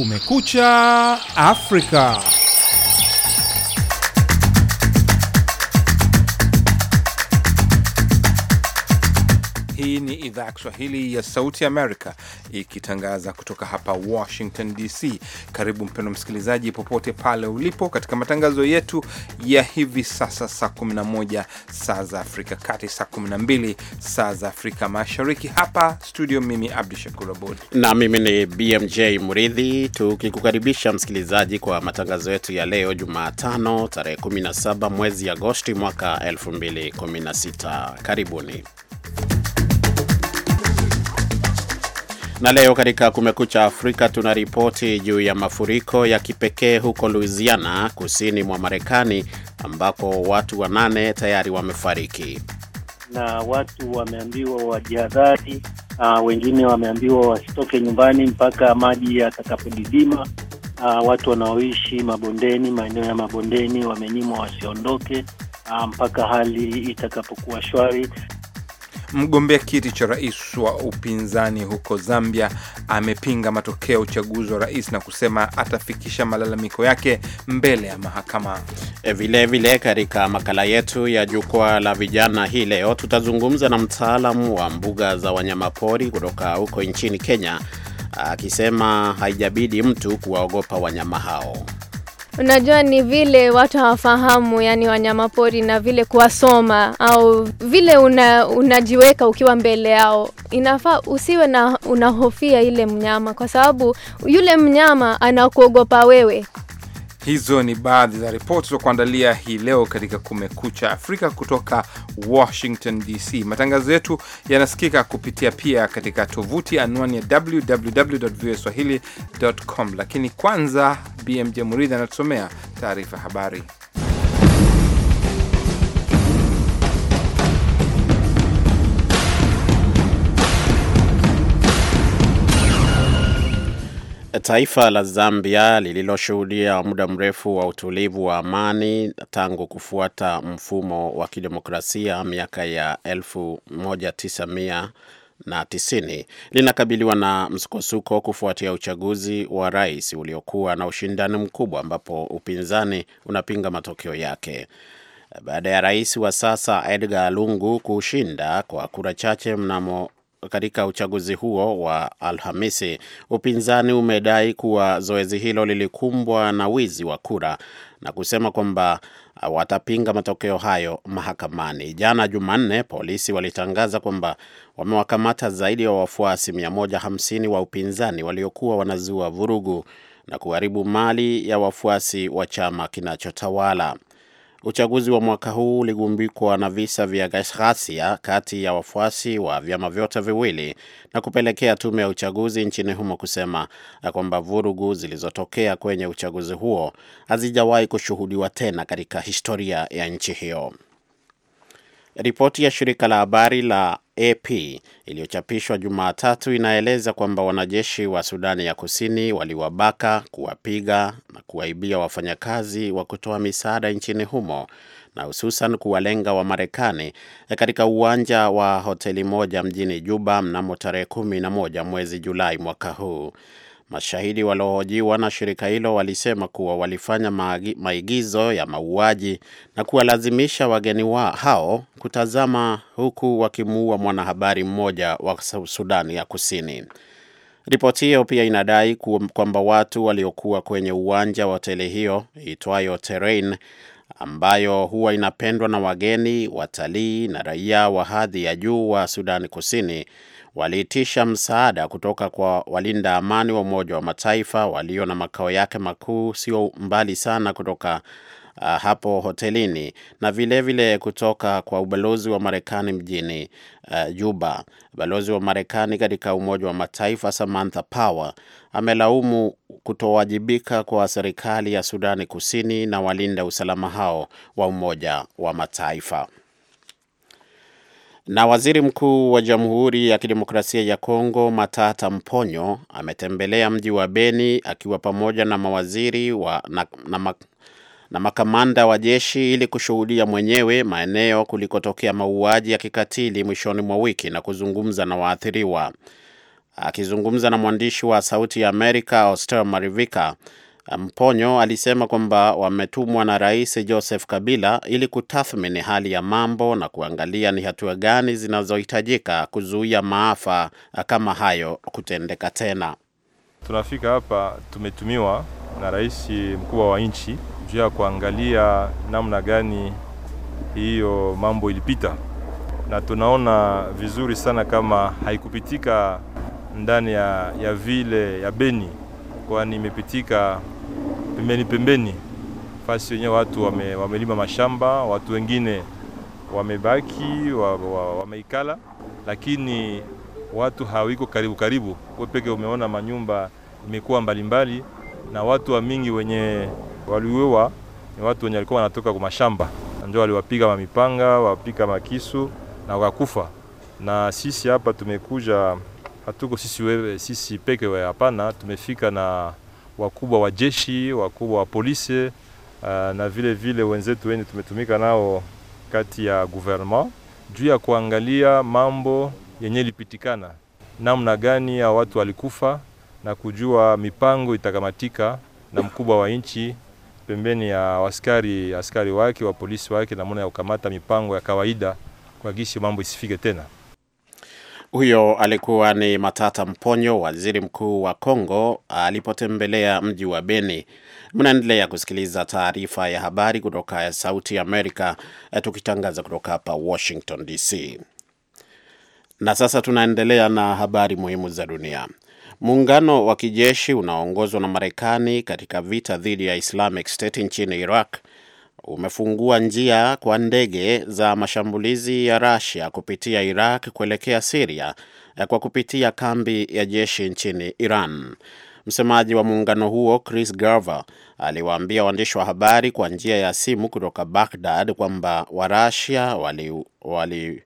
Kumekucha Afrika. Hii ni idhaa ya Kiswahili ya Sauti Amerika ikitangaza kutoka hapa Washington DC. Karibu mpendo msikilizaji, popote pale ulipo, katika matangazo yetu ya hivi sasa, saa 11 saa za Afrika Kati, saa 12 saa za Afrika Mashariki. Hapa studio, mimi Abdu Shakur Abud na mimi ni BMJ Muridhi, tukikukaribisha msikilizaji kwa matangazo yetu ya leo Jumatano tarehe 17 mwezi Agosti mwaka 2016. Karibuni. Na leo katika Kumekucha Afrika tuna ripoti juu ya mafuriko ya kipekee huko Louisiana, kusini mwa Marekani, ambako watu wanane tayari wamefariki na watu wameambiwa wajihadhari. Uh, wengine wameambiwa wasitoke nyumbani mpaka maji yatakapodidima. Uh, watu wanaoishi mabondeni, maeneo ya mabondeni, wamenyimwa wasiondoke ah, mpaka hali itakapokuwa shwari. Mgombea kiti cha rais wa upinzani huko Zambia amepinga matokeo ya uchaguzi wa rais na kusema atafikisha malalamiko yake mbele ya mahakama. Vilevile, katika makala yetu ya jukwaa la vijana hii leo tutazungumza na mtaalamu wa mbuga za wanyamapori kutoka huko nchini Kenya akisema haijabidi mtu kuwaogopa wanyama hao. Unajua ni vile watu hawafahamu yani wanyama pori na vile kuwasoma au vile una, unajiweka ukiwa mbele yao. Inafaa usiwe na unahofia ile mnyama, kwa sababu yule mnyama anakuogopa wewe. Hizo ni baadhi za ripoti za kuandalia hii leo katika Kumekucha Afrika kutoka Washington DC. Matangazo yetu yanasikika kupitia pia katika tovuti anwani ya www com, lakini kwanza BMJ Muridhi anatusomea taarifa habari. Taifa la Zambia lililoshuhudia muda mrefu wa utulivu wa amani tangu kufuata mfumo wa kidemokrasia miaka ya 1990 linakabiliwa na msukosuko kufuatia uchaguzi wa rais uliokuwa na ushindani mkubwa ambapo upinzani unapinga matokeo yake. Baada ya rais wa sasa Edgar Lungu kushinda kwa kura chache mnamo katika uchaguzi huo wa Alhamisi. Upinzani umedai kuwa zoezi hilo lilikumbwa na wizi wa kura na kusema kwamba watapinga matokeo hayo mahakamani. Jana Jumanne, polisi walitangaza kwamba wamewakamata zaidi ya wa wafuasi 150 wa upinzani waliokuwa wanazua vurugu na kuharibu mali ya wafuasi wa chama kinachotawala. Uchaguzi wa mwaka huu uligumbikwa na visa vya ghasia kati ya wafuasi wa vyama vyote viwili na kupelekea tume ya uchaguzi nchini humo kusema kwamba vurugu zilizotokea kwenye uchaguzi huo hazijawahi kushuhudiwa tena katika historia ya nchi hiyo. Ripoti ya shirika la habari la AP iliyochapishwa Jumatatu inaeleza kwamba wanajeshi wa Sudani ya Kusini waliwabaka, kuwapiga na kuwaibia wafanyakazi wa kutoa misaada nchini humo na hususan kuwalenga wa Marekani katika uwanja wa hoteli moja mjini Juba mnamo tarehe kumi na moja mwezi Julai mwaka huu. Mashahidi waliohojiwa na shirika hilo walisema kuwa walifanya maigizo ya mauaji na kuwalazimisha wageni wa hao kutazama huku wakimuua mwanahabari mmoja wa Sudani ya Kusini. Ripoti hiyo pia inadai kwamba watu waliokuwa kwenye uwanja wa hoteli hiyo itwayo Terrain ambayo huwa inapendwa na wageni, watalii na raia wa hadhi ya juu wa Sudani Kusini waliitisha msaada kutoka kwa walinda amani wa Umoja wa Mataifa walio na makao yake makuu sio mbali sana kutoka uh, hapo hotelini na vilevile vile kutoka kwa ubalozi wa Marekani mjini uh, Juba. Balozi wa Marekani katika Umoja wa Mataifa Samantha Power amelaumu kutowajibika kwa serikali ya Sudani Kusini na walinda usalama hao wa Umoja wa Mataifa. Na waziri mkuu wa Jamhuri ya Kidemokrasia ya Kongo Matata Mponyo ametembelea mji wa Beni akiwa pamoja na mawaziri wa, na, na, na makamanda wa jeshi ili kushuhudia mwenyewe maeneo kulikotokea mauaji ya kikatili mwishoni mwa wiki na kuzungumza na waathiriwa. Akizungumza na mwandishi wa Sauti ya Amerika Oster Marivika, Mponyo alisema kwamba wametumwa na Rais Joseph Kabila ili kutathmini hali ya mambo na kuangalia ni hatua gani zinazohitajika kuzuia maafa kama hayo kutendeka tena. Tunafika hapa tumetumiwa na rais mkubwa wa nchi juu ya kuangalia namna gani hiyo mambo ilipita, na tunaona vizuri sana kama haikupitika ndani ya, ya vile ya Beni, kwani imepitika pembeni pembeni, fasi wenyewe watu wame, wamelima mashamba, watu wengine wamebaki wameikala, lakini watu hawiko karibu karibu. Wewe peke umeona manyumba imekuwa mbalimbali, na watu wa mingi wenye waliuewa ni watu wenye walikuwa wanatoka kwa mashamba, ndio waliwapiga mamipanga, wapika makisu na wakakufa. Na sisi hapa tumekuja, hatuko sisi wewe, sisi peke wewe, hapana, tumefika na wakubwa wa jeshi, wakubwa wa polisi uh, na vile vile wenzetu wenye tumetumika nao kati ya gouvernement juu ya kuangalia mambo yenye lipitikana, namna gani ya watu walikufa na kujua mipango itakamatika na mkubwa wa nchi pembeni ya askari askari wake wa polisi wake, namna ya kukamata mipango ya kawaida kwa gishi mambo isifike tena. Huyo alikuwa ni Matata Mponyo, waziri mkuu wa congo alipotembelea mji wa Beni. Mnaendelea kusikiliza taarifa ya habari kutoka Sauti Amerika, eh, tukitangaza kutoka hapa Washington DC. Na sasa tunaendelea na habari muhimu za dunia. Muungano wa kijeshi unaoongozwa na Marekani katika vita dhidi ya Islamic State nchini Iraq umefungua njia kwa ndege za mashambulizi ya Russia kupitia Iraq kuelekea Siria eh, kwa kupitia kambi ya jeshi nchini Iran. Msemaji wa muungano huo Chris Garver aliwaambia waandishi wa habari kwa njia ya simu kutoka Baghdad kwamba Warusia wali, wali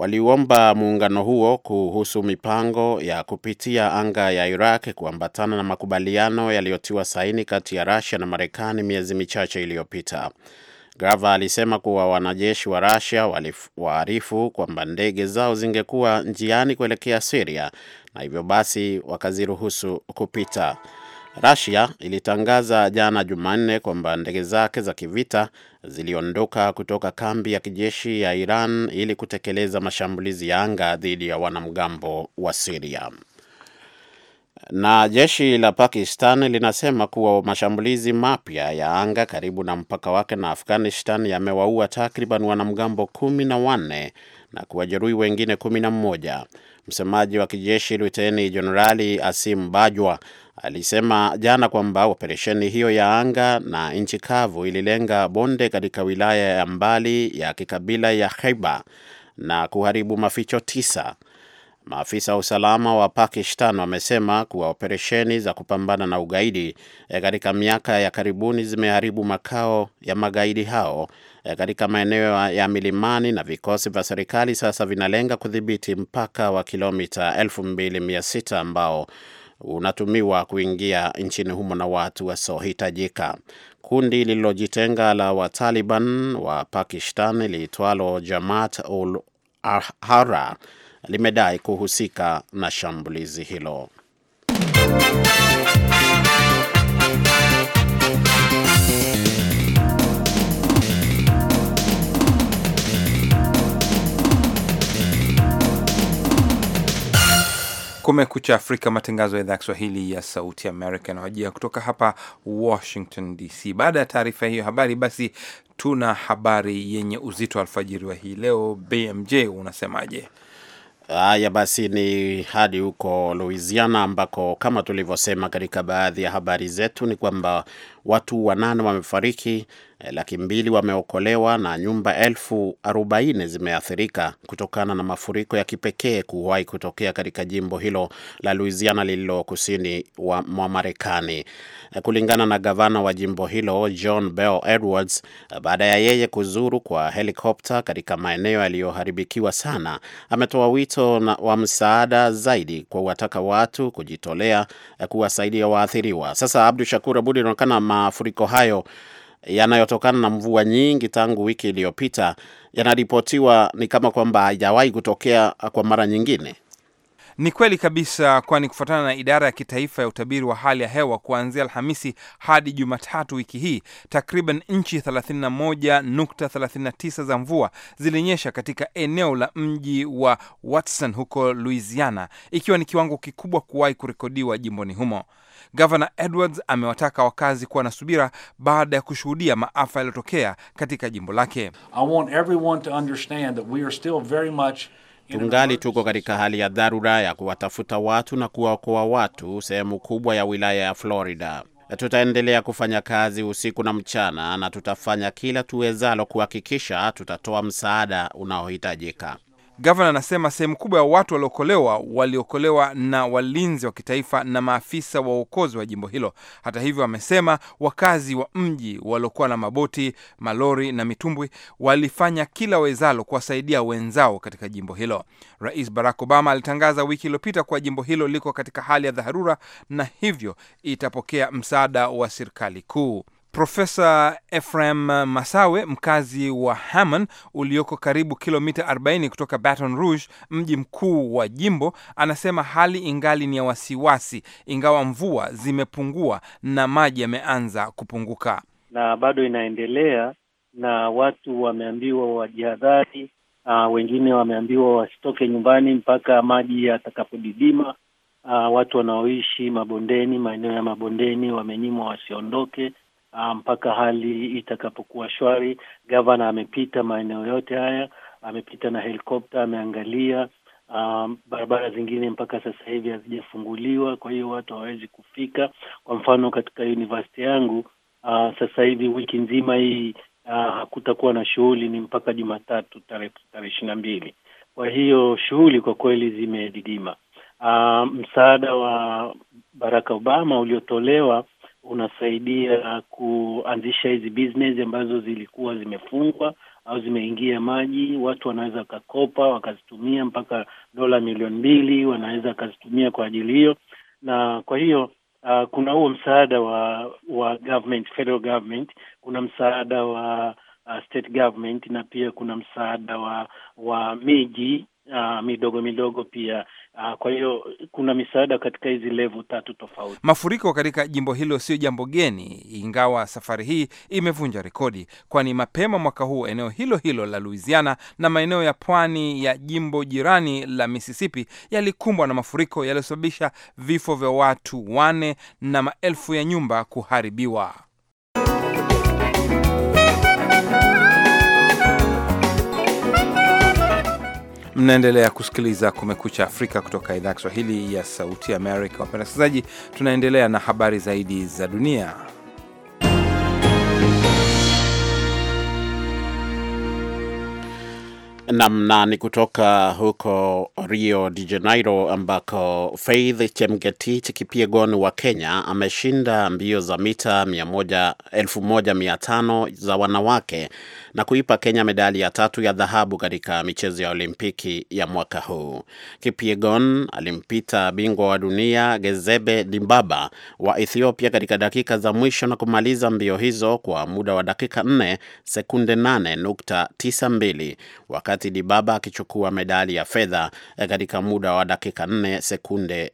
waliuomba muungano huo kuhusu mipango ya kupitia anga ya Iraq kuambatana na makubaliano yaliyotiwa saini kati ya Russia na Marekani miezi michache iliyopita. Grava alisema kuwa wanajeshi wa Russia waliwaarifu kwamba ndege zao zingekuwa njiani kuelekea Syria na hivyo basi wakaziruhusu kupita. Russia ilitangaza jana Jumanne kwamba ndege zake za kivita ziliondoka kutoka kambi ya kijeshi ya Iran ili kutekeleza mashambulizi ya anga dhidi ya wanamgambo wa siria Na jeshi la Pakistan linasema kuwa mashambulizi mapya ya anga karibu na mpaka wake na Afghanistan yamewaua takriban wanamgambo kumi na wanne na kuwajeruhi wengine kumi na mmoja. Msemaji wa kijeshi Luteni Jenerali Asim Bajwa alisema jana kwamba operesheni hiyo ya anga na nchi kavu ililenga bonde katika wilaya ya mbali ya kikabila ya heba na kuharibu maficho tisa. Maafisa wa usalama wa Pakistan wamesema kuwa operesheni za kupambana na ugaidi eh, katika miaka ya karibuni zimeharibu makao ya magaidi hao Eh, katika maeneo ya milimani na vikosi vya serikali sasa vinalenga kudhibiti mpaka wa kilomita 2600 ambao unatumiwa kuingia nchini humo na watu wasiohitajika. Kundi lililojitenga la Wataliban wa Pakistan liitwalo Jamaat ul Ahara limedai kuhusika na shambulizi hilo. Kumekucha Afrika, matangazo ya idhaa ya Kiswahili ya Sauti Amerika yanawajia kutoka hapa Washington DC. Baada ya taarifa hiyo habari, basi tuna habari yenye uzito wa alfajiri wa hii leo. BMJ, unasemaje? Haya basi, ni hadi huko Louisiana ambako kama tulivyosema katika baadhi ya habari zetu ni kwamba watu wanane wamefariki, eh, laki mbili wameokolewa na nyumba elfu arobaini zimeathirika kutokana na mafuriko ya kipekee kuwahi kutokea katika jimbo hilo la Louisiana lililo kusini mwa Marekani, eh, kulingana na gavana wa jimbo hilo John Bell Edwards. Eh, baada ya yeye kuzuru kwa helikopta katika maeneo yaliyoharibikiwa sana, ametoa wito wa msaada zaidi kwa wataka watu kujitolea kuwasaidia waathiriwa. Sasa Abdu Shakur Abud, inaonekana mafuriko hayo yanayotokana na mvua nyingi tangu wiki iliyopita yanaripotiwa ni kama kwamba haijawahi kutokea kwa mara nyingine. Ni kweli kabisa, kwani kufuatana na idara ya kitaifa ya utabiri wa hali ya hewa, kuanzia Alhamisi hadi Jumatatu wiki hii, takriban inchi 31.39 za mvua zilinyesha katika eneo la mji wa Watson huko Louisiana, ikiwa ni kiwango kikubwa kuwahi kurekodiwa jimboni humo. Gavana Edwards amewataka wakazi kuwa na subira baada ya kushuhudia maafa yaliyotokea katika jimbo lake. I want everyone to understand that we are still very much Tungali tuko katika hali ya dharura ya kuwatafuta watu na kuwaokoa watu sehemu kubwa ya wilaya ya Florida. Tutaendelea kufanya kazi usiku na mchana na tutafanya kila tuwezalo kuhakikisha tutatoa msaada unaohitajika. Gavana anasema sehemu kubwa ya watu waliokolewa waliokolewa na walinzi wa kitaifa na maafisa wa uokozi wa jimbo hilo. Hata hivyo, amesema wakazi wa mji waliokuwa na maboti, malori na mitumbwi walifanya kila wezalo kuwasaidia wenzao katika jimbo hilo. Rais Barack Obama alitangaza wiki iliyopita kuwa jimbo hilo liko katika hali ya dharura na hivyo itapokea msaada wa serikali kuu. Profesa Ephraim Masawe, mkazi wa Haman ulioko karibu kilomita 40 kutoka Baton Rouge, mji mkuu wa jimbo, anasema hali ingali ni ya wasiwasi, ingawa mvua zimepungua na maji yameanza kupunguka, na bado inaendelea, na watu wameambiwa wajihadhari. Uh, wengine wameambiwa wasitoke nyumbani mpaka maji yatakapodidima. Uh, watu wanaoishi mabondeni, maeneo ya mabondeni, wamenyimwa wasiondoke Ah, mpaka hali itakapokuwa shwari. Gavana amepita maeneo yote haya, amepita na helikopta, ameangalia Um, barabara zingine mpaka sasa hivi hazijafunguliwa, kwa hiyo watu hawawezi kufika. Kwa mfano katika university yangu uh, sasa hivi wiki nzima hii hakutakuwa uh, na shughuli, ni mpaka Jumatatu tarehe ishirini na mbili. Kwa hiyo shughuli kwa kweli zimedidima. Uh, msaada wa Barack Obama uliotolewa unasaidia kuanzisha hizi business ambazo zilikuwa zimefungwa au zimeingia maji. Watu wanaweza wakakopa wakazitumia mpaka dola milioni mbili wanaweza wakazitumia kwa ajili hiyo, na kwa hiyo uh, kuna huo msaada wa wa government, federal government, kuna msaada wa uh, state government na pia kuna msaada wa wa miji uh, midogo midogo pia Ah, kwa hiyo kuna misaada katika hizi levu tatu tofauti. Mafuriko katika jimbo hilo sio jambo geni, ingawa safari hii imevunja rekodi, kwani mapema mwaka huu eneo hilo hilo la Louisiana na maeneo ya pwani ya jimbo jirani la Mississippi yalikumbwa na mafuriko yaliyosababisha vifo vya watu wane na maelfu ya nyumba kuharibiwa. Mnaendelea kusikiliza Kumekucha Afrika kutoka idhaa ya Kiswahili ya Sauti Amerika. Wapenda wasikilizaji, tunaendelea na habari zaidi za dunia. namna ni kutoka huko Rio de Janeiro ambako Faith Chemgetich Kipyegon wa Kenya ameshinda mbio za mita 1500 za wanawake na kuipa Kenya medali ya tatu ya dhahabu katika michezo ya Olimpiki ya mwaka huu. Kipyegon alimpita bingwa wa dunia Gezebe Dimbaba wa Ethiopia katika dakika za mwisho na kumaliza mbio hizo kwa muda wa dakika 4 sekunde 8.92 wakati wakati Dibaba akichukua medali ya fedha eh, katika muda wa dakika 4 sekunde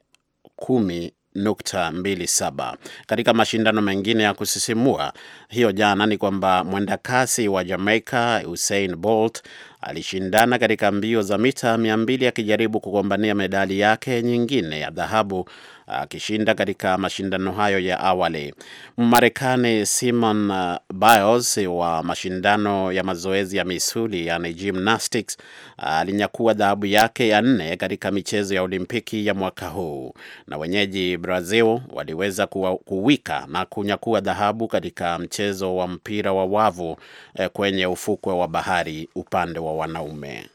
10 nukta mbili saba. Katika mashindano mengine ya kusisimua hiyo jana ni kwamba mwendakasi wa Jamaica Usain Bolt alishindana katika mbio za mita mia mbili akijaribu kugombania medali yake nyingine ya dhahabu akishinda katika mashindano hayo ya awali. Marekani Simon Biles wa mashindano ya mazoezi ya misuli yani gymnastics alinyakua dhahabu yake ya nne katika michezo ya Olimpiki ya mwaka huu, na wenyeji Brazil waliweza kuwika na kunyakua dhahabu katika mchezo wa mpira wa wavu eh, kwenye ufukwe wa bahari upande wa wanaume.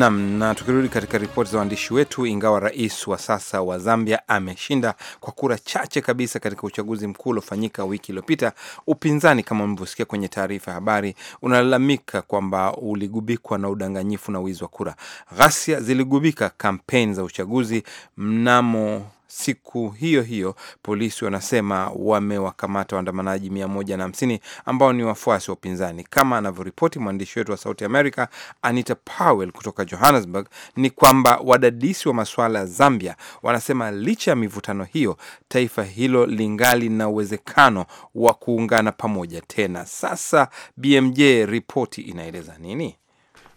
Nam na tukirudi katika ripoti za waandishi wetu, ingawa rais wa sasa wa Zambia ameshinda kwa kura chache kabisa katika uchaguzi mkuu uliofanyika wiki iliyopita, upinzani kama mlivyosikia kwenye taarifa ya habari unalalamika kwamba uligubikwa na udanganyifu na wizi wa kura. Ghasia ziligubika kampeni za uchaguzi mnamo siku hiyo hiyo polisi wanasema wamewakamata waandamanaji 150 ambao ni wafuasi wa upinzani. Kama anavyoripoti mwandishi wetu wa Sauti america Anita Powell kutoka Johannesburg, ni kwamba wadadisi wa masuala ya Zambia wanasema licha ya mivutano hiyo, taifa hilo lingali na uwezekano wa kuungana pamoja tena. Sasa BMJ, ripoti inaeleza nini?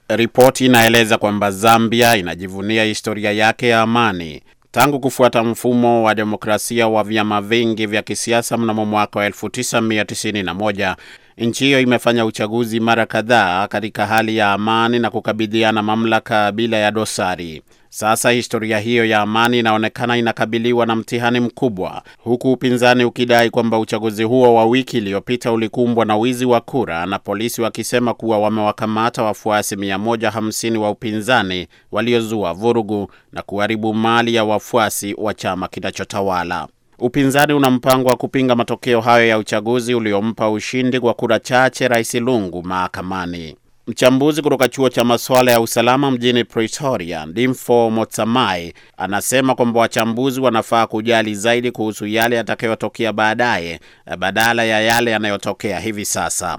Ripoti inaeleza kwamba Zambia inajivunia historia yake ya amani Tangu kufuata mfumo wa demokrasia wa vyama vingi vya kisiasa mnamo mwaka wa 1991 nchi hiyo imefanya uchaguzi mara kadhaa katika hali ya amani na kukabidhiana mamlaka bila ya dosari. Sasa historia hiyo ya amani inaonekana inakabiliwa na mtihani mkubwa, huku upinzani ukidai kwamba uchaguzi huo wa wiki iliyopita ulikumbwa na wizi wa kura, na polisi wakisema kuwa wamewakamata wafuasi 150 wa upinzani waliozua vurugu na kuharibu mali ya wafuasi wa chama kinachotawala. Upinzani una mpango wa kupinga matokeo hayo ya uchaguzi uliompa ushindi kwa kura chache Rais Lungu mahakamani. Mchambuzi kutoka chuo cha masuala ya usalama mjini Pretoria, Dimfo Motsamai, anasema kwamba wachambuzi wanafaa kujali zaidi kuhusu yale yatakayotokea baadaye eh, badala ya yale yanayotokea hivi sasa.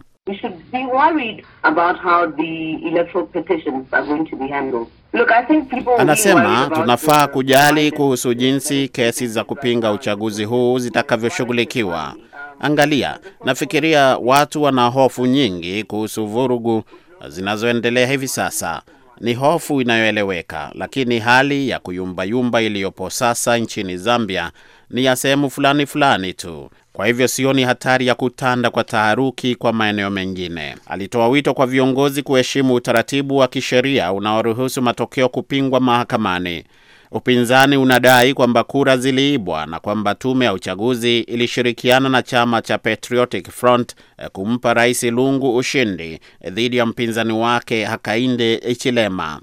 Anasema tunafaa kujali kuhusu jinsi kesi za kupinga uchaguzi huu zitakavyoshughulikiwa. Angalia, nafikiria watu wana hofu nyingi kuhusu vurugu zinazoendelea hivi sasa ni hofu inayoeleweka, lakini hali ya kuyumbayumba iliyopo sasa nchini Zambia ni ya sehemu fulani fulani tu. Kwa hivyo sioni hatari ya kutanda kwa taharuki kwa maeneo mengine. Alitoa wito kwa viongozi kuheshimu utaratibu wa kisheria unaoruhusu matokeo kupingwa mahakamani. Upinzani unadai kwamba kura ziliibwa na kwamba tume ya uchaguzi ilishirikiana na chama cha Patriotic Front eh, kumpa Rais Lungu ushindi eh, dhidi ya mpinzani wake Hakainde Chilema.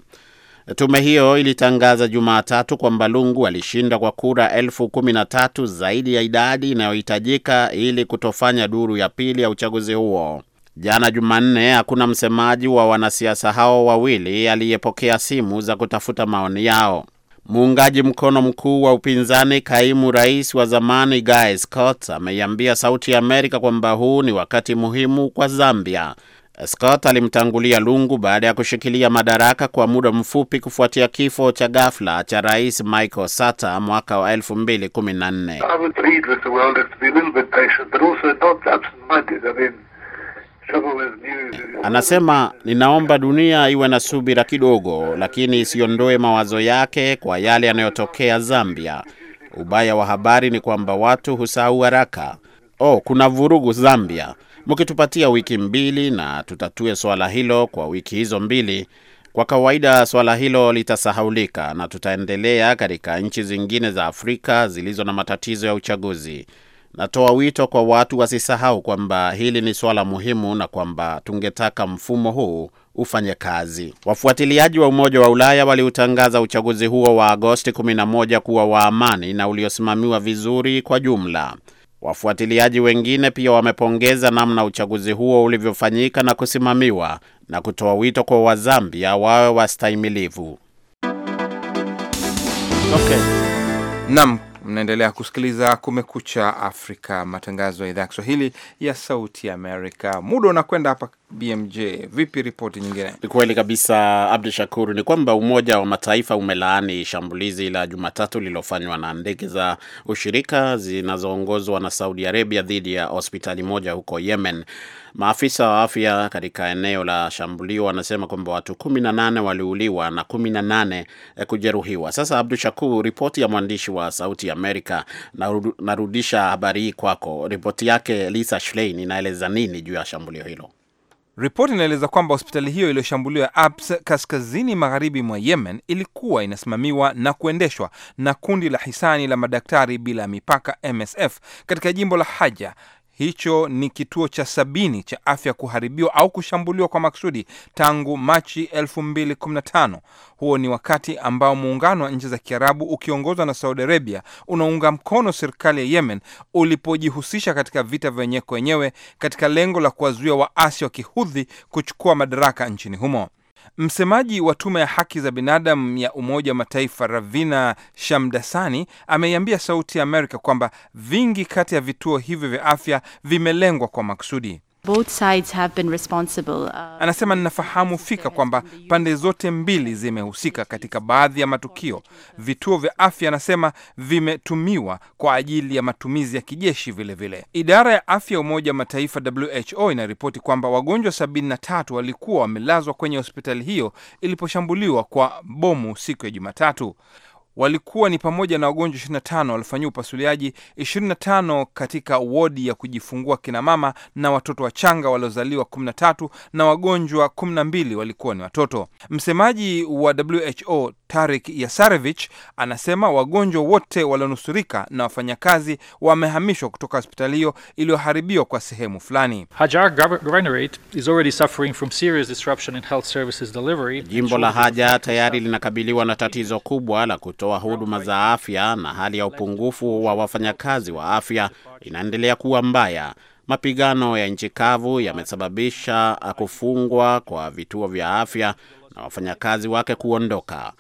Tume hiyo ilitangaza Jumatatu kwamba Lungu alishinda kwa kura elfu kumi na tatu zaidi ya idadi inayohitajika ili kutofanya duru ya pili ya uchaguzi huo. Jana Jumanne, hakuna msemaji wa wanasiasa hao wawili aliyepokea simu za kutafuta maoni yao. Muungaji mkono mkuu wa upinzani, kaimu rais wa zamani Guy Scott ameiambia Sauti ya Amerika kwamba huu ni wakati muhimu kwa Zambia. Scott alimtangulia Lungu baada ya kushikilia madaraka kwa muda mfupi kufuatia kifo cha ghafla cha Rais Michael Sata mwaka wa 2014. Anasema, ninaomba dunia iwe na subira kidogo, lakini isiondoe mawazo yake kwa yale yanayotokea Zambia. Ubaya wa habari ni kwamba watu husahau haraka. Oh, kuna vurugu Zambia. Mkitupatia wiki mbili na tutatue swala hilo kwa wiki hizo mbili, kwa kawaida swala hilo litasahaulika na tutaendelea katika nchi zingine za Afrika zilizo na matatizo ya uchaguzi. Natoa wito kwa watu wasisahau kwamba hili ni swala muhimu na kwamba tungetaka mfumo huu ufanye kazi. Wafuatiliaji wa Umoja wa Ulaya waliutangaza uchaguzi huo wa Agosti 11 kuwa wa amani na uliosimamiwa vizuri kwa jumla. Wafuatiliaji wengine pia wamepongeza namna uchaguzi huo ulivyofanyika na kusimamiwa na kutoa wito kwa Wazambia wawe wastahimilivu. Okay. Naam. Mnaendelea kusikiliza Kumekucha Afrika, matangazo ya idhaa ya Kiswahili ya Sauti Amerika. Muda unakwenda hapa BMJ, vipi ripoti nyingine? Ni kweli kabisa Abdu Shakur, ni kwamba Umoja wa Mataifa umelaani shambulizi la Jumatatu lililofanywa na ndege za ushirika zinazoongozwa na Saudi Arabia dhidi ya hospitali moja huko Yemen. Maafisa wa afya katika eneo la shambulio wanasema kwamba watu 18 waliuliwa na nane eh, kujeruhiwa. Sasa Abdu Shakur, ripoti ya mwandishi wa Sauti Amerika, narudisha habari hii kwako. Ripoti yake Lisa Schlein inaeleza nini juu ya shambulio hilo? Ripoti inaeleza kwamba hospitali hiyo iliyoshambuliwa Abs, kaskazini magharibi mwa Yemen, ilikuwa inasimamiwa na kuendeshwa na kundi la hisani la madaktari bila mipaka MSF katika jimbo la Haja Hicho ni kituo cha sabini cha afya kuharibiwa au kushambuliwa kwa makusudi tangu Machi 2015. Huo ni wakati ambao muungano wa nchi za Kiarabu ukiongozwa na Saudi Arabia unaunga mkono serikali ya Yemen ulipojihusisha katika vita vyenyewe kwa wenyewe katika lengo la kuwazuia waasi wa Kihudhi kuchukua madaraka nchini humo. Msemaji wa tume ya haki za binadamu ya Umoja wa Mataifa Ravina Shamdasani ameiambia Sauti ya Amerika kwamba vingi kati ya vituo hivyo vya afya vimelengwa kwa maksudi Uh, anasema ninafahamu fika kwamba pande zote mbili zimehusika katika baadhi ya matukio. Vituo vya afya anasema vimetumiwa kwa ajili ya matumizi ya kijeshi vilevile vile. Idara ya afya ya Umoja wa Mataifa WHO inaripoti kwamba wagonjwa 73 walikuwa wamelazwa kwenye hospitali hiyo iliposhambuliwa kwa bomu siku ya Jumatatu walikuwa ni pamoja na wagonjwa 25 walifanyiwa upasuliaji 25 katika wodi ya kujifungua kina mama na watoto wachanga waliozaliwa 13 na wagonjwa 12 walikuwa ni watoto. Msemaji wa WHO Tarik Yasarevich anasema wagonjwa wote walionusurika na wafanyakazi wamehamishwa kutoka hospitali hiyo iliyoharibiwa kwa sehemu fulani. Hajar Governorate is already suffering from serious disruption in health services delivery. Jimbo la Haja tayari linakabiliwa na tatizo kubwa la kutoa huduma za afya na hali ya upungufu wa wafanyakazi wa afya inaendelea kuwa mbaya. Mapigano ya nchi kavu yamesababisha kufungwa kwa vituo vya afya na wafanyakazi wake kuondoka.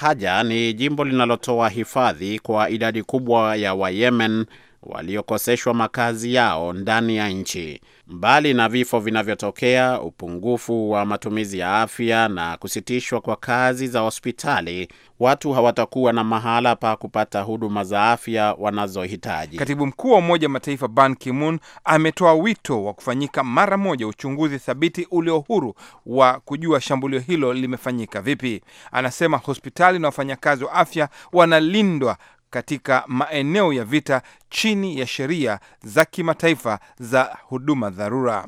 Haja ni jimbo linalotoa hifadhi kwa idadi kubwa ya Wayemen waliokoseshwa makazi yao ndani ya nchi. Mbali na vifo vinavyotokea, upungufu wa matumizi ya afya na kusitishwa kwa kazi za hospitali, watu hawatakuwa na mahala pa kupata huduma za afya wanazohitaji. Katibu mkuu wa Umoja wa Mataifa Ban Ki-moon ametoa wito wa kufanyika mara moja uchunguzi thabiti ulio huru wa kujua shambulio hilo limefanyika vipi. Anasema hospitali na wafanyakazi wa afya wanalindwa katika maeneo ya vita chini ya sheria za kimataifa za huduma dharura.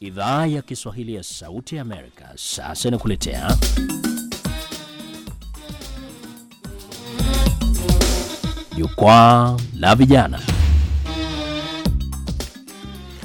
Idhaa ya Kiswahili ya Sauti ya Amerika sasa inakuletea Jukwaa la Vijana.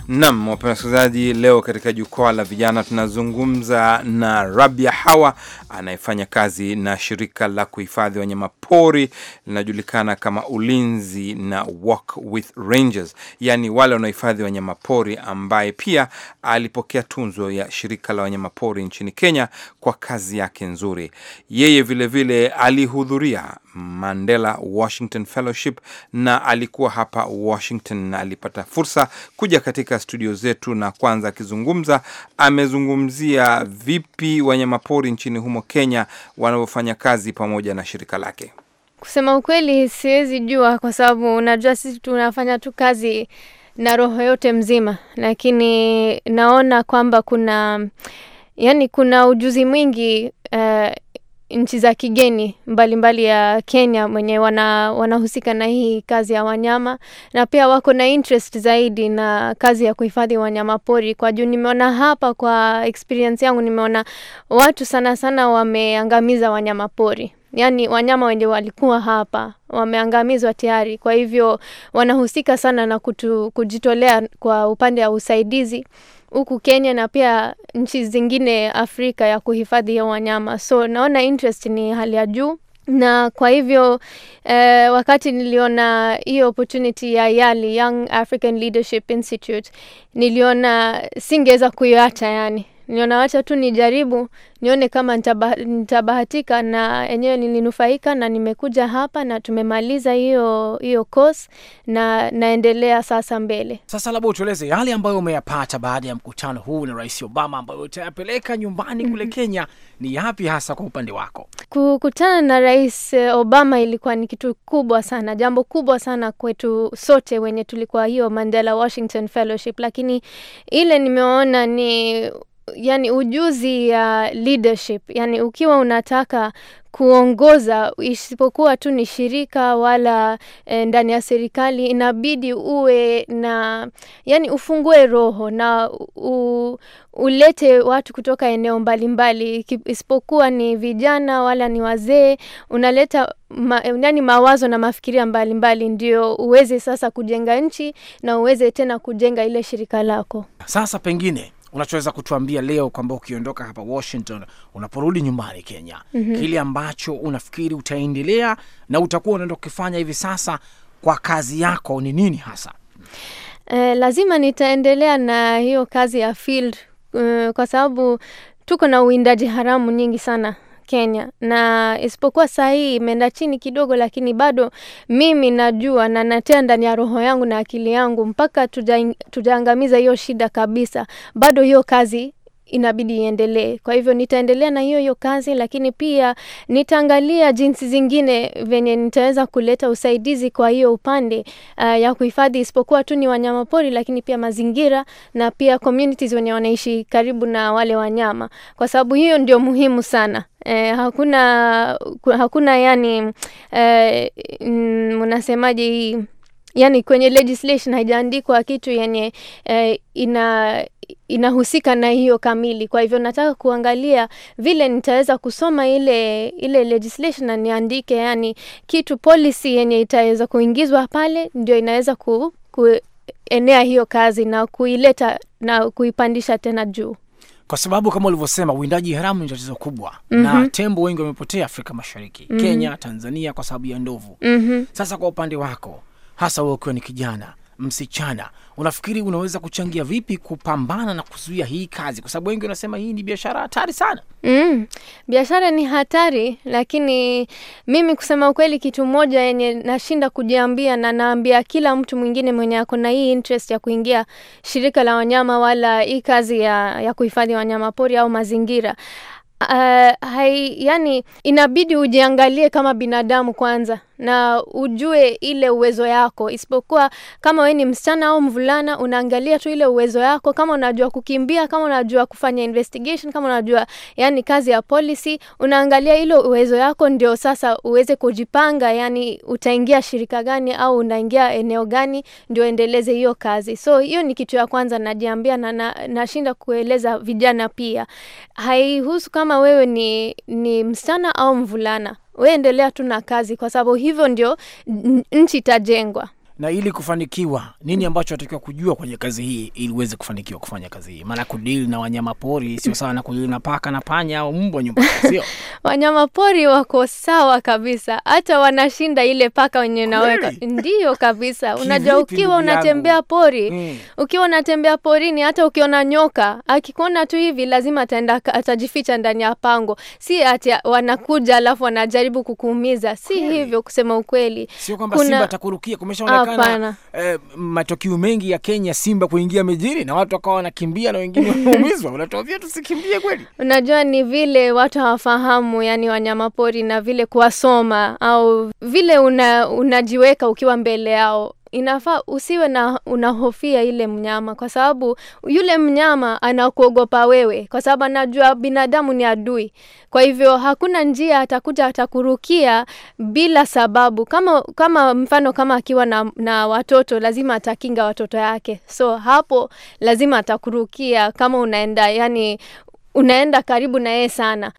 Naam, wapenzi wasikilizaji, leo katika jukwaa la vijana tunazungumza na Rabia Hawa anayefanya kazi na shirika la kuhifadhi wanyamapori linajulikana kama Ulinzi na Walk with Rangers, yaani wale wanaohifadhi wanyamapori, ambaye pia alipokea tunzo ya shirika la wanyamapori nchini Kenya kwa kazi yake nzuri. Yeye vilevile alihudhuria Mandela Washington Fellowship na alikuwa hapa Washington na alipata fursa kuja katika studio zetu, na kwanza akizungumza amezungumzia vipi wanyamapori nchini humo Kenya wanaofanya kazi pamoja na shirika lake? Kusema ukweli, siwezi jua kwa sababu unajua sisi tunafanya tu kazi na roho yote mzima, lakini naona kwamba kuna yani kuna ujuzi mwingi uh, nchi za kigeni mbalimbali mbali ya Kenya mwenye wana, wanahusika na hii kazi ya wanyama na pia wako na interest zaidi na kazi ya kuhifadhi wanyama pori, kwa juu nimeona hapa kwa experience yangu nimeona watu sana sana wameangamiza wanyama pori yani wanyama wenye walikuwa hapa wameangamizwa tayari. Kwa hivyo wanahusika sana na kutu, kujitolea kwa upande wa usaidizi huku Kenya na pia nchi zingine Afrika ya kuhifadhi hiyo wanyama. So naona interest ni hali ya juu na kwa hivyo eh, wakati niliona hiyo opportunity ya YALI, Young African Leadership Institute, niliona singeweza kuiacha yani niona wacha tu nijaribu nione kama nitabahatika, na enyewe nilinufaika, na nimekuja hapa na tumemaliza hiyo hiyo course na naendelea sasa mbele. Sasa labda utueleze yale ambayo umeyapata baada ya mkutano huu na Rais Obama, ambayo utayapeleka nyumbani mm-hmm. kule Kenya, ni yapi hasa kwa upande wako? Kukutana na Rais Obama ilikuwa ni kitu kubwa sana, jambo kubwa sana kwetu sote wenye tulikuwa hiyo Mandela Washington Fellowship, lakini ile nimeona ni yani ujuzi ya leadership, yani ukiwa unataka kuongoza isipokuwa tu ni shirika wala e, ndani ya serikali, inabidi uwe na yani, ufungue roho na u, ulete watu kutoka eneo mbalimbali isipokuwa ni vijana wala ni wazee, unaleta ma, yani mawazo na mafikiria mbalimbali, ndio uweze sasa kujenga nchi na uweze tena kujenga ile shirika lako. Sasa pengine unachoweza kutuambia leo kwamba ukiondoka hapa Washington unaporudi nyumbani Kenya, mm -hmm. kile ambacho unafikiri utaendelea na utakuwa unaenda kukifanya hivi sasa kwa kazi yako ni nini hasa? Eh, lazima nitaendelea na hiyo kazi ya field, uh, kwa sababu tuko na uwindaji haramu nyingi sana Kenya na isipokuwa saa hii imeenda chini kidogo, lakini bado mimi najua na natia ndani ya roho yangu na akili yangu mpaka tujaangamiza hiyo shida kabisa, bado hiyo kazi inabidi iendelee. Kwa hivyo nitaendelea na hiyo hiyo kazi, lakini pia nitaangalia jinsi zingine venye nitaweza kuleta usaidizi kwa hiyo upande uh, ya kuhifadhi, isipokuwa tu ni wanyamapori, lakini pia mazingira na pia communities wenye wanaishi karibu na wale wanyama, kwa sababu hiyo ndio muhimu sana. Eh, hakuna hakuna yani eh, mnasemaje hii yani kwenye legislation haijaandikwa kitu yenye eh, ina inahusika na hiyo kamili. Kwa hivyo nataka kuangalia vile nitaweza kusoma ile ile legislation na niandike, yani kitu policy yenye itaweza kuingizwa pale, ndio inaweza ku, kuenea hiyo kazi na kuileta na kuipandisha tena juu kwa sababu kama ulivyosema uwindaji haramu ni tatizo kubwa, mm -hmm. na mhm. tembo wengi wamepotea Afrika Mashariki, mm -hmm. Kenya, Tanzania, kwa sababu ya ndovu. mm -hmm. Sasa kwa upande wako hasa wewe ukiwa ni kijana msichana, unafikiri unaweza kuchangia vipi kupambana na kuzuia hii kazi? Kwa sababu wengi wanasema hii ni biashara hatari sana. Mm, biashara ni hatari, lakini mimi kusema ukweli, kitu moja yenye nashinda kujiambia na naambia kila mtu mwingine mwenye ako na hii interest ya kuingia shirika la wanyama wala hii kazi ya, ya kuhifadhi wanyama pori au mazingira Uh, hai, yani inabidi ujiangalie kama binadamu kwanza na ujue ile uwezo yako, isipokuwa kama we ni msichana au mvulana, unaangalia tu ile uwezo yako, kama unajua kukimbia, kama unajua kufanya investigation, kama unajua yani kazi ya policy unaangalia ile uwezo yako ndio sasa uweze kujipanga, yani utaingia shirika gani au unaingia eneo gani ndio endeleze hiyo kazi. So hiyo ni kitu ya kwanza najiambia na, nashinda na nashinda kueleza vijana pia, haihusu kama wewe ni, ni msichana au mvulana we endelea tu na kazi, kwa sababu hivyo ndio nchi itajengwa na ili kufanikiwa, nini ambacho natakiwa kujua kwenye kazi hii ili uweze kufanikiwa kufanya kazi hii? Maana kudili na wanyama pori sio sawa na kudili na paka na panya au mbwa nyumbani, sio? wanyama pori wako sawa kabisa, hata wanashinda ile paka wenye naweka. Ndio kabisa. Unajua, ukiwa unatembea pori mm, ukiwa unatembea porini, hata ukiona nyoka akikuona tu hivi, lazima ataenda atajificha ndani ya pango, si ati wanakuja alafu wanajaribu kukuumiza, si hivyo. Kusema ukweli, sio kwamba Kuna... simba atakurukia kumesha hapana. Eh, matokeo mengi ya Kenya Simba kuingia mijini na watu wakawa wanakimbia na wengine wanaumizwa. Unatuambia tusikimbie kweli? Unajua ni vile watu hawafahamu yani wanyamapori na vile kuwasoma au vile una, unajiweka ukiwa mbele yao inafaa usiwe na unahofia ile mnyama, kwa sababu yule mnyama anakuogopa wewe, kwa sababu anajua binadamu ni adui. Kwa hivyo hakuna njia atakuja atakurukia bila sababu. Kama kama mfano kama akiwa na, na watoto lazima atakinga watoto yake, so hapo lazima atakurukia kama unaenda yani unaenda karibu na yeye sana.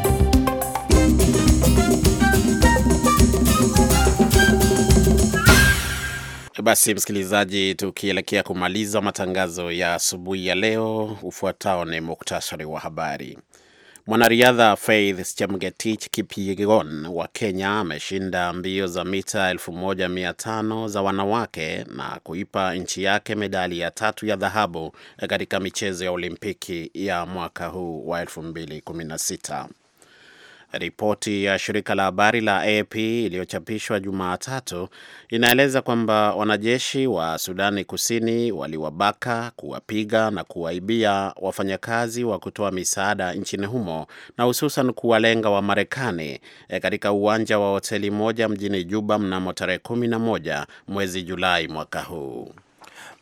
Basi msikilizaji, tukielekea kumaliza matangazo ya asubuhi ya leo, ufuatao ni muktasari wa habari. Mwanariadha Faith Chemgetich Kipyegon wa Kenya ameshinda mbio za mita 1500 za wanawake na kuipa nchi yake medali ya tatu ya dhahabu katika michezo ya Olimpiki ya mwaka huu wa 2016. Ripoti ya shirika la habari la AP iliyochapishwa Jumatatu inaeleza kwamba wanajeshi wa Sudani Kusini waliwabaka, kuwapiga na kuwaibia wafanyakazi wa kutoa misaada nchini humo na hususan kuwalenga wa Marekani e, katika uwanja wa hoteli moja mjini Juba mnamo tarehe 11 mwezi Julai mwaka huu.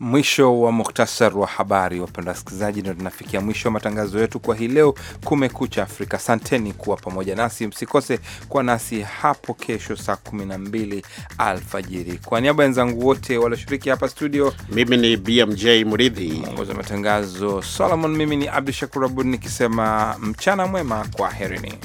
Mwisho wa muhtasari wa habari. Wapenda wasikilizaji, ndio tunafikia mwisho wa matangazo yetu kwa hii leo, Kumekucha Afrika. Asanteni kuwa pamoja nasi, msikose kuwa nasi hapo kesho saa mbili alfajiri. Kwa niaba ya wenzangu wote walioshiriki hapa studio, mimi ni BMJ Mridhi, mwongozi wa matangazo Solomon, mimi ni Abdu Shakur Abud nikisema mchana mwema, kwa herini